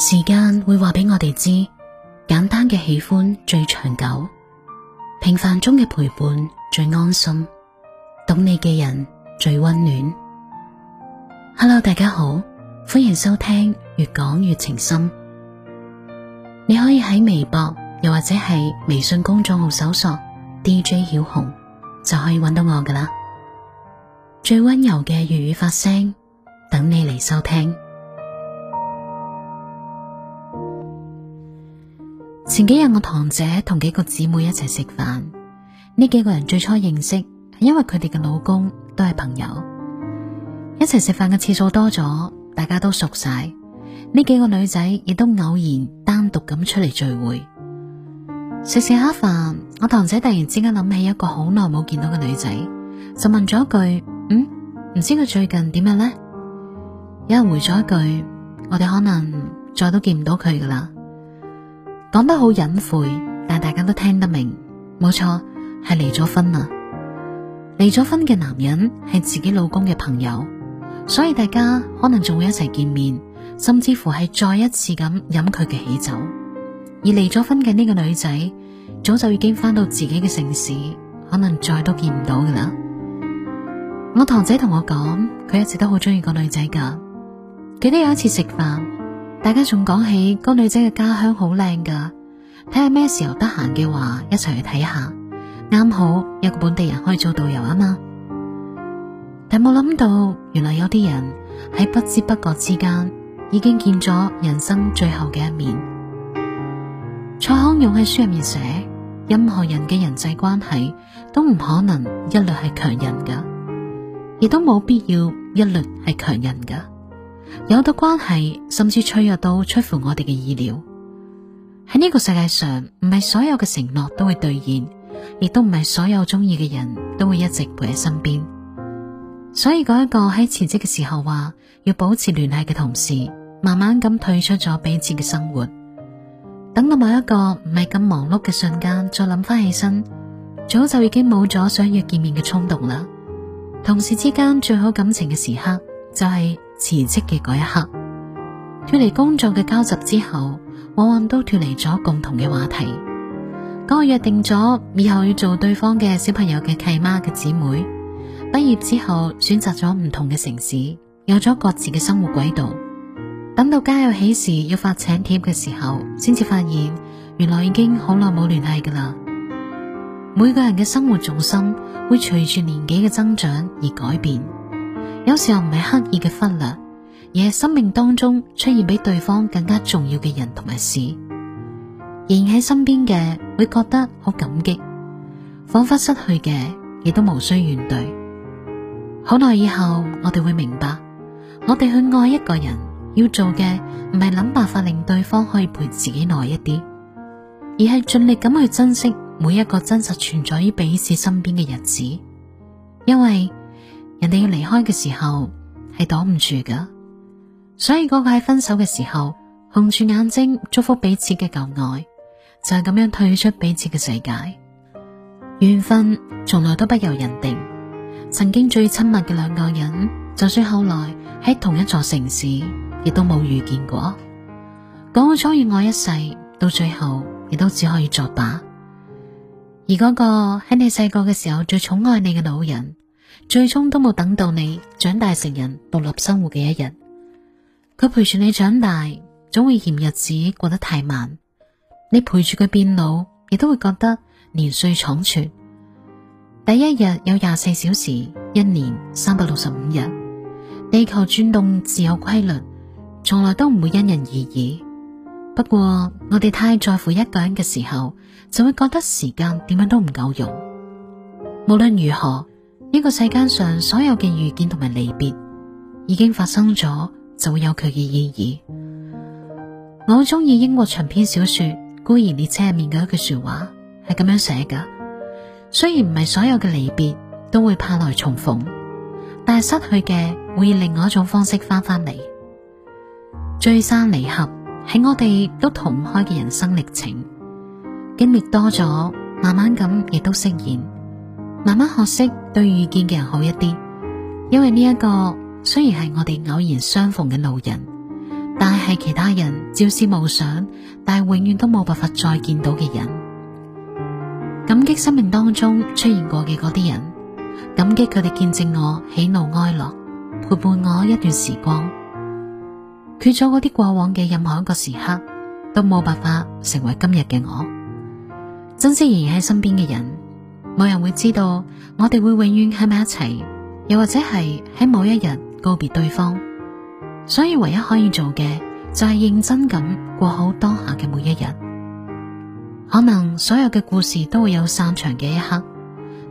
時間會話俾我哋知，簡單嘅喜歡最長久，平凡中嘅陪伴最安心，懂你嘅人最溫暖。Hello，大家好，歡迎收聽越講越情深。你可以喺微博又或者係微信公眾號搜索 DJ 曉紅，就可以揾到我噶啦。最温柔嘅粵語發聲，等你嚟收聽。前幾日我堂姐同幾個姊妹一齊食飯，呢幾個人最初認識係因為佢哋嘅老公都係朋友，一齊食飯嘅次數多咗，大家都熟晒。呢幾個女仔亦都偶然單獨咁出嚟聚會，食食下飯，我堂姐突然之間諗起一個好耐冇見到嘅女仔，就問咗一句：「嗯，唔知佢最近點樣呢？」有人回咗一句：「我哋可能再都見唔到佢噶啦。」講得好隱晦，但大家都聽得明，冇錯係離咗婚啦。離咗婚嘅男人係自己老公嘅朋友，所以大家可能仲會一齊見面，甚至乎係再一次咁飲佢嘅喜酒。而離咗婚嘅呢個女仔，早就已經翻到自己嘅城市，可能再都見唔到噶啦。我堂姐同我講，佢一直都好中意個女仔噶，佢都有一次食飯。大家仲講起嗰、那個、女仔嘅家鄉好靚噶，睇下咩時候得閒嘅話一齊去睇下。啱好有個本地人可以做導遊啊嘛。但冇諗到，原來有啲人喺不知不覺之間已經見咗人生最後嘅一面。蔡康永喺書入面寫：任何人嘅人際關係都唔可能一律係強人噶，亦都冇必要一律係強人噶。有啲關係，甚至脆弱到出乎我哋嘅意料。喺呢個世界上，唔係所有嘅承諾都會兌現，亦都唔係所有中意嘅人都會一直陪喺身邊。所以嗰一個喺辭職嘅時候話要保持聯繫嘅同事，慢慢咁退出咗彼此嘅生活。等到某一個唔係咁忙碌嘅瞬間，再諗翻起身，早就已經冇咗想要見面嘅衝動啦。同事之間最好感情嘅時刻，就係、是。辭職嘅嗰一刻，脫離工作嘅交集之後，往往都脫離咗共同嘅話題。嗰個約定咗以後要做對方嘅小朋友嘅契媽嘅姊妹，畢業之後選擇咗唔同嘅城市，有咗各自嘅生活軌道。等到家有喜事要發請帖嘅時候，先至發現原來已經好耐冇聯繫㗎喇。每個人嘅生活重心會隨住年紀嘅增長而改變。有時候唔係刻意嘅忽略，而係生命當中出現比對方更加重要嘅人同埋事。仍然喺身邊嘅，會覺得好感激，仿佛失去嘅亦都無需怨懟。好耐以後，我哋會明白，我哋去愛一個人要做嘅唔係諗辦法令對方可以陪自己耐一啲，而係盡力咁去珍惜每一個真實存在於彼此身邊嘅日子，因為。人哋要離開嘅時候係擋唔住噶，所以嗰個喺分手嘅時候紅住眼睛祝福彼此嘅舊愛，就係咁樣退出彼此嘅世界。緣分從來都不由人定，曾經最親密嘅兩個人，就算後來喺同一座城市，亦都冇遇見過。講好初遇愛一世，到最後亦都只可以作罷。而嗰個喺你細個嘅時候最寵愛你嘅老人。最終都冇等到你長大成人、獨立生活嘅一日，佢陪住你長大，總會嫌日子過得太慢；你陪住佢變老，亦都會覺得年歲倉促。第一日有廿四小時，一年三百六十五日，地球轉動自有規律，從來都唔會因人而異。不過，我哋太在乎一個人嘅時候，就會覺得時間點樣都唔夠用。無論如何。呢個世界上所有嘅遇見同埋離別，已經發生咗就會有佢嘅意義。我好中意英國長篇小說《孤兒列車》入面嘅一句說話，係咁樣寫㗎：雖然唔係所有嘅離別都會盼來重逢，但係失去嘅會以另外一種方式翻返嚟。聚散離合係我哋都逃唔開嘅人生歷程，經歷多咗，慢慢咁亦都釋然。慢慢學識對遇見嘅人好一啲，因為呢一個雖然係我哋偶然相逢嘅路人，但係其他人朝思暮想，但係永遠都冇辦法再見到嘅人。感激生命當中出現過嘅嗰啲人，感激佢哋見證我喜怒哀樂，陪伴我一段時光。缺咗嗰啲過往嘅任何一個時刻，都冇辦法成為今日嘅我。珍惜仍然喺身邊嘅人。冇人會知道我哋會永遠喺埋一齊，又或者係喺某一日告別對方。所以唯一可以做嘅就係認真咁過好當下嘅每一日。可能所有嘅故事都會有散場嘅一刻，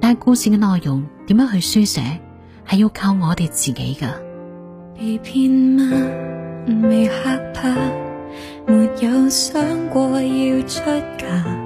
但係故事嘅內容點樣去書寫，係要靠我哋自己噶。被騙嗎？未害怕，沒有想過要出嫁。